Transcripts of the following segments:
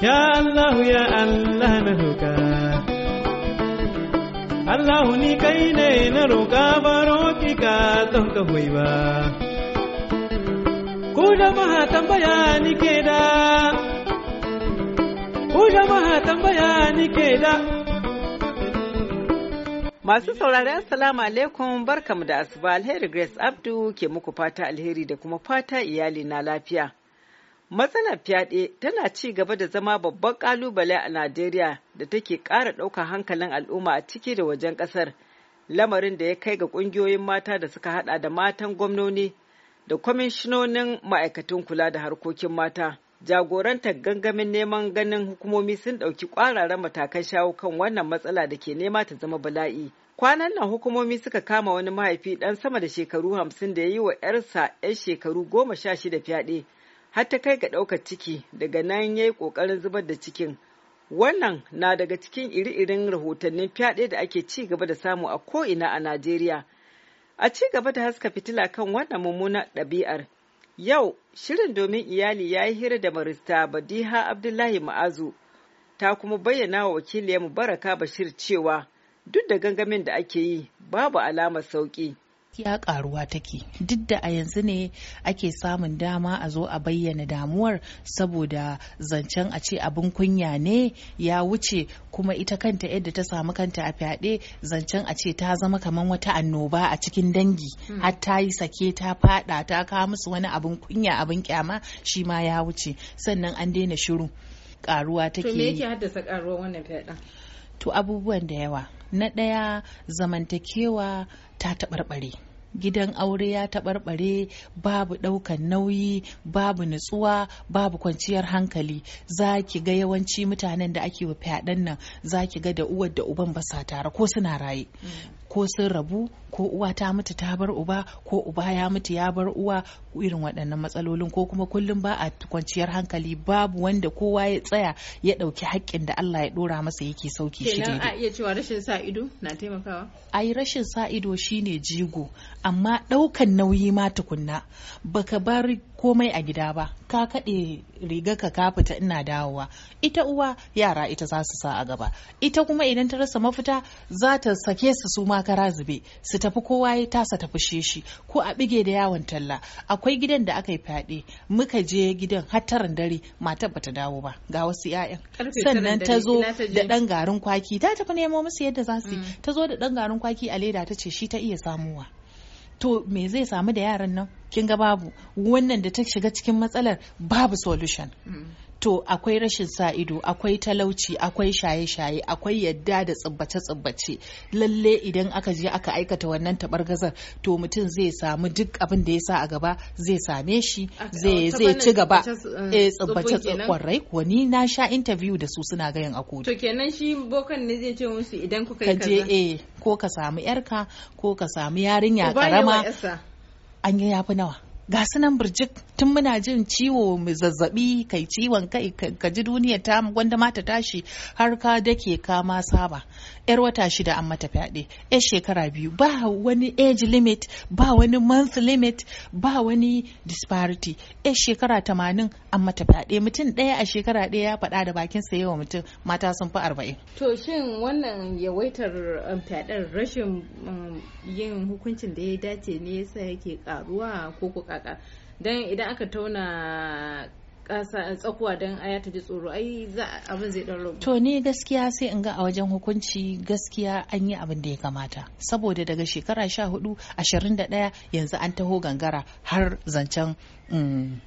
Ya Allah ya Allah na roƙa Allah ni kai ne na roƙa baro ki ka don ka ba Ku jama'a tambaya ni ke da Ku jama'a tambaya ni ke da Masu saurari Assalamu alaikum barkamu da asuba alheri Grace Abdu ke muku fata alheri da kuma fata iyali na lafiya. Matsalar fyaɗe tana ci gaba da zama babban ƙalubale a Najeriya da take ƙara ɗaukar hankalin al'umma a ciki da wajen ƙasar, lamarin da ya kai ga ƙungiyoyin mata da suka haɗa da matan gwamnoni da kwamishinonin ma'aikatan kula da harkokin mata. Jagorantar gangamin neman ganin hukumomi sun ɗauki ƙwararren matakan shawo kan wannan matsala da ke nema ta zama bala'i. Kwanan nan hukumomi suka kama wani mahaifi ɗan sama da shekaru hamsin da ya yi wa 'yarsa 'yan shekaru goma sha shida fyaɗe. har ta kai ga ɗaukar ciki daga nan ya yi ƙoƙarin zubar da cikin wannan na daga cikin iri-irin rahotannin fyaɗe da ake ci gaba da samu a ko'ina a najeriya a ci gaba da haska fitila kan wannan mummunan ɗabi'ar yau shirin domin iyali ya yi hira da marista badiha abdullahi ma'azu ta kuma bayyana wa wakiliyar baraka bashir cewa duk da gangamin da ake yi babu alamar sauƙi. ya karuwa take duk da a yanzu ne ake samun dama a zo a bayyana damuwar saboda zancen a ce abin kunya ne ya wuce kuma ita kanta yadda ta samu kanta a fyaɗe zancen a ce ta zama kamar wata annoba a cikin dangi hmm. har ta yi sake ta faɗa ta kawo musu wani abin kunya abin kyama shi ma ya wuce sannan an daina shiru karuwa take to abubuwan da yawa na ɗaya zamantakewa ta taɓarɓare gidan aure ya taɓarɓare babu ɗaukan nauyi babu nutsuwa babu kwanciyar hankali za ki ga yawanci mutanen da ake wa fyaɗen nan za ki ga da uwar da uban basa tare ko suna raye ko sun rabu ko uwa ta mutu ta bar uba ko uba ya mutu ya bar uwa irin waɗannan matsalolin ko kuma kullum ba a kwanciyar hankali babu wanda kowa ya tsaya ya ɗauki haƙƙin da Allah ya ɗora masa yake sauki shi daidai. Kenan a iya cewa rashin sa ido na taimakawa? Ai rashin sa ido shine jigo amma ɗaukan nauyi ma tukunna baka bar komai a gida ba ka kaɗe riga ka ka fita ina dawowa ita uwa yara ita za su sa a gaba ita kuma idan ta rasa mafita za ta sake su su ma kara zube su tafi kowa ya tasa tafi shi ko a bige da yawon talla akwai gidan da aka yi fyaɗe muka je gidan taron dare matar bata dawo ba ga wasu 'ya'yan sannan ta zo da ɗan garin kwaki ta tafi nemo musu yadda za su yi mm. ta zo da ɗan garin kwaki a leda ta ce shi ta iya samuwa to me zai samu da yaran nan kin ga babu wannan da ta shiga cikin matsalar babu solution mm. to akwai rashin sa ido akwai talauci akwai shaye-shaye akwai yadda da tsibbace-tsibbace lalle idan aka je aka aikata wannan tabargazar to mutum zai samu duk abin da ya sa a gaba zai same shi zai ci gaba eh, eh tsibbace kwarai wani na sha interview da su suna gayan a to kenan shi bokan ne zai ce musu idan kuka kaza eh ko ka samu yarka ko ka samu yarinya karama an yi yafi nawa ga su nan tun muna jin ciwo mai zazzabi kai ciwon kai ka ji duniya ta gwanda mata tashi har ka dake ka ma saba yar wata shida an mata fyaɗe yar shekara biyu ba wani age limit ba wani month limit ba wani disparity yar shekara tamanin an mata fyaɗe mutum ɗaya a shekara ɗaya ya faɗa da bakinsa yawa mutum mata sun fi arba'in. to shin wannan yawaitar um, fyaɗen rashin um, yin hukuncin da ya dace ne yasa yake karuwa ko ku sassaka dan idan aka tauna tsakuwa don aya ta ji tsoro ai za abin zai dan to ni gaskiya sai in ga a wajen hukunci gaskiya an yi abin da ya kamata saboda daga shekara da 21 yanzu an taho gangara har zancen mm,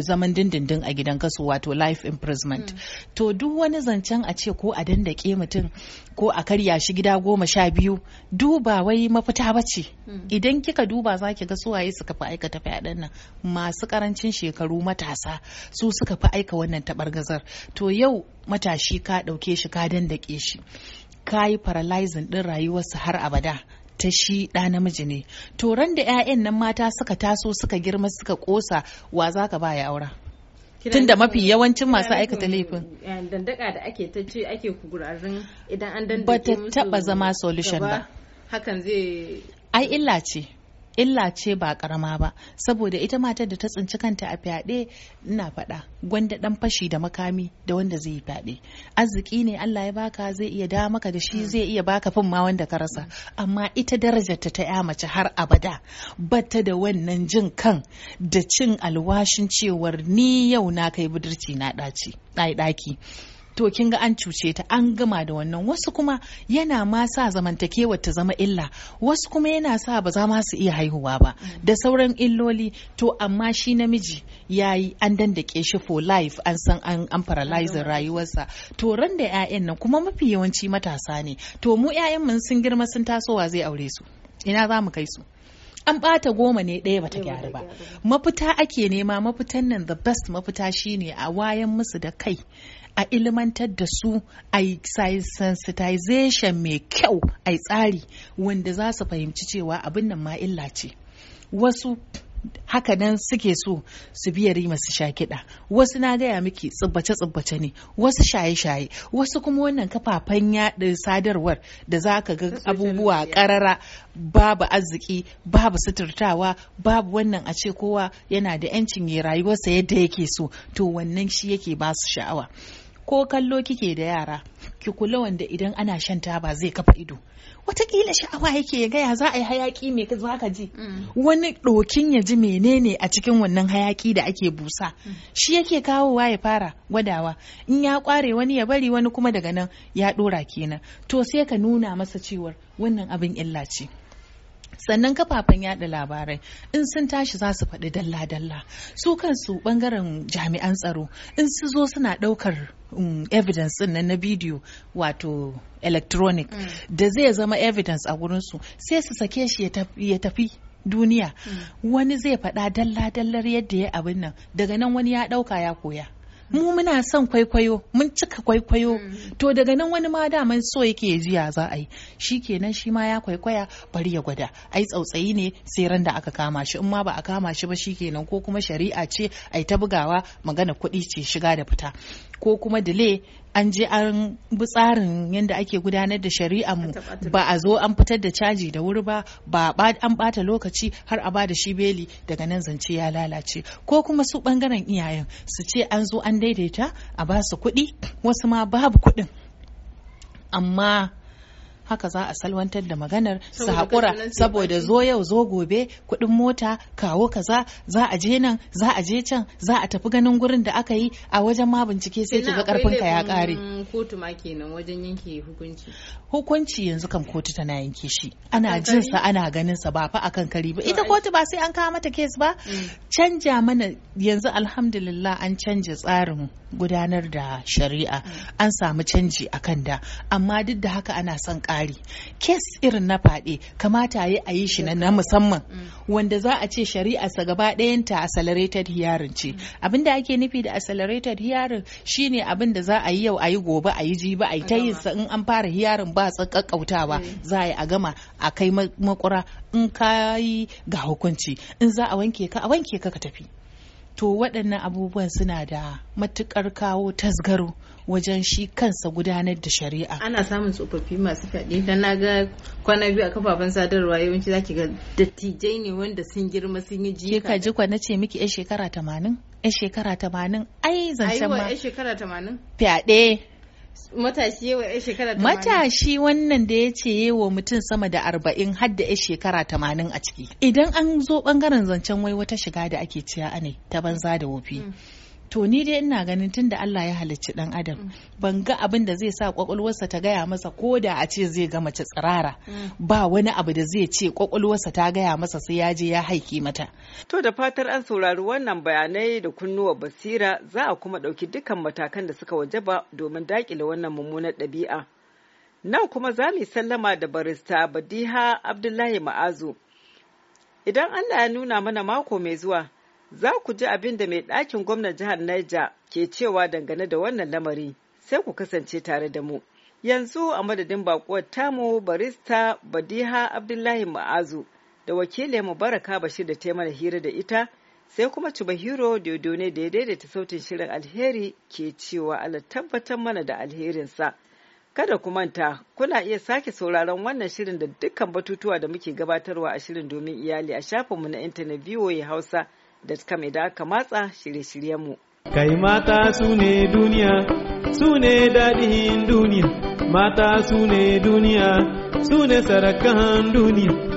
zaman dindindin a gidan kaso wato life imprisonment mm. to duk wani zancen a ce ko a dandake mutum ko a karya shi gida goma sha biyu duba wai mafita ba ce mm. idan kika duba za ki ga suwaye suka fi aikata a nan masu karancin shekaru matasa su suka fi aika wannan taɓargazar to yau matashi ka ɗauke shi ka dandake shi ka yi paralyzing ɗin rayuwarsa har abada ta shi ɗa namiji ne to ran da 'ya'yan nan mata suka taso suka girma suka kosa wa za ka ba ya aura tun da mafi yawancin masu aikata laifin dandaka da ake ta ce ake kugurarin idan an dandake musu ba ta taba zama solution ba hakan zai ai illa ce illa ce ba karama ba saboda ita matar da ta tsinci kanta a fyaɗe ina faɗa gwanda ɗan fashi da makami da wanda zai yi fyaɗe arziki ne Allah ya baka zai iya da maka da shi hmm. zai iya baka fin ma wanda ka rasa amma ita darajarta ta ya mace har abada bata da wannan jin kan da cin alwashin cewar ni yau na kai budurci na ɗaci ɗaki to kin ga an cuce ta an gama da wannan wasu kuma yana ma sa zamantakewa ta zama illa wasu kuma yana sa ba za ma su iya haihuwa ba da sauran illoli to amma shi namiji yi an dandake shi for life an san an an rayuwarsa to ran da 'ya'yan nan kuma mafi yawanci matasa ne to mu 'ya'yan mun sun girma sun tasowa zai aure su ina za mu kai su an bata goma ne ɗaya bata gyara ba mafita ake nema mafitan nan the best mafita shine a wayan musu da kai a ilmantar da su a yi sensitization mai kyau a tsari wanda za su fahimci cewa abin nan ma illa ce wasu haka nan suke so su biya rima su sha kiɗa wasu na gaya miki tsibbace tsibbace ne wasu shaye shaye wasu kuma wannan kafafen yaɗa sadarwar da za ka ga abubuwa ƙarara babu arziki babu suturtawa babu wannan a ce kowa yana da 'yancin ya rayuwarsa yadda yake so to wannan shi yake ba su sha'awa ko kallo kike da yara ki kula wanda idan ana shan taba zai kafa ido watakila sha'awa yake ya gaya za a yi hayaki mai za ka ji mm. wani ɗokin ya ji menene a cikin wannan hayaki da ake busa mm. shi yake kawowa ya fara gwadawa in ya ƙware wani ya bari wani kuma daga nan ya ɗora kenan to sai ka nuna masa cewar wannan abin illa ce sannan kafafen yaɗa labarai in sun tashi za su faɗi dalla-dalla su kansu bangaren jami'an tsaro in su zo suna ɗaukar um, evidence ɗin na bidiyo wato electronic mm. da zai zama evidence a gurinsu sai su sake shi ya tafi duniya mm. wani zai faɗa dalla-dallar yadda ya abin nan daga nan wani ya ɗauka ya koya mu muna son kwaikwayo mun cika kwaikwayo mm. to daga nan wani ma daman so yake ji ya za a yi shi kenan shi ma ya kwaikwaya bari ya gwada ai tsautsayi ne sai ran da aka kama shi in ma ba a kama shi ba shi kenan ko kuma shari'a ce ai ta bugawa magana kuɗi ce shiga da fita ko kuma delay an je an bi tsarin yadda ake gudanar da shari'ar mu ba a zo an fitar da caji da wuri ba ba an bata lokaci har a bada shi beli daga nan zance ya lalace ko kuma su bangaren iyayen su ce an zo an daidaita a ba su kuɗi wasu ma babu kuɗin amma haka za a salwantar da maganar su haƙura saboda zo yau zo gobe kuɗin mota kawo kaza za a je nan za a je can za a tafi ganin gurin da aka yi a wajen ma bincike sai ga karfin ka ya ƙare kotu ma kenan wajen yanke hukunci hukunci yanzu kam kotu tana yanke shi ana jin sa ana ganin sa ba fa akan kari ba ita kotu ba sai an kawo mata kes ba mm. canja mana yanzu alhamdulillah an canja tsarin gudanar da shari'a mm. an samu canji akan da amma duk da haka ana son ƙara tsari kes irin na faɗe kamata yi a yi shi na musamman mm. wanda za a ce shari'arsa gaba ɗayanta accelerated hearing ce mm. abinda ake nufi da accelerated hearing shine abin da za a yi yau a yi gobe a yi jibi a yi ta yin sa in an fara hearing ba tsakakkautawa mm. za a yi a gama a kai makura in ka yi ga hukunci in za a wanke ka a wanke ka ka tafi to waɗannan abubuwan suna da matukar kawo tasgaro wajen shi kansa gudanar da shari'a ana samun tsofaffi masu fyaɗe dan na ga kwana biyu a kafafen sadarwa yawanci zaki ga dattijai ne wanda sun girma sun yi jika ka ji kwana ce miki yan shekara tamanin yan shekara tamanin ai zancen ma ai shekara 80 fyaɗe matashi yawa ya shekara tamanin matashi wannan da ya ce wa mutum sama da arba'in har da ya shekara tamanin a ciki idan an zo ɓangaren zancen wai wata shiga da ake ciya ne ta banza da wofi mm. to ni dai ina ganin tun da Allah ya halicci dan adam mm. ban ga abin da zai sa kwakwalwarsa ta gaya masa ko da a ce zai ga mace tsirara mm. ba wani abu da zai ce kwakwalwarsa ta gaya masa sai ya je ya haiki mata to da fatar an saurari wannan bayanai da kunnuwa basira za a kuma ɗauki dukkan matakan da suka wajaba domin dakile wannan mummunar ɗabi'a nan kuma za mu sallama da barista badiha abdullahi ma'azu idan Allah ya nuna mana mako mai zuwa Za ku ji abin da mai ɗakin gwamnan jihar Niger ke cewa dangane da wannan lamari sai ku kasance tare da mu. Yanzu a madadin bakuwar tamu barista Badiha Abdullahi Ma'azu da wakilin Mubaraka Bashir da ta mana hira da ita sai kuma dodo ne da ya daidaita sautin shirin alheri ke cewa Allah tabbatar mana da alherinsa. Kada ku manta, kuna iya sake sauraron wannan shirin da dukkan batutuwa da muke gabatarwa a shirin domin iyali a shafinmu na intanet hausa. da mai da aka matsa shirye-shiryenmu. Kai mata su ne duniya, su ne daɗin duniya, mata su ne duniya, su ne sarakan duniya.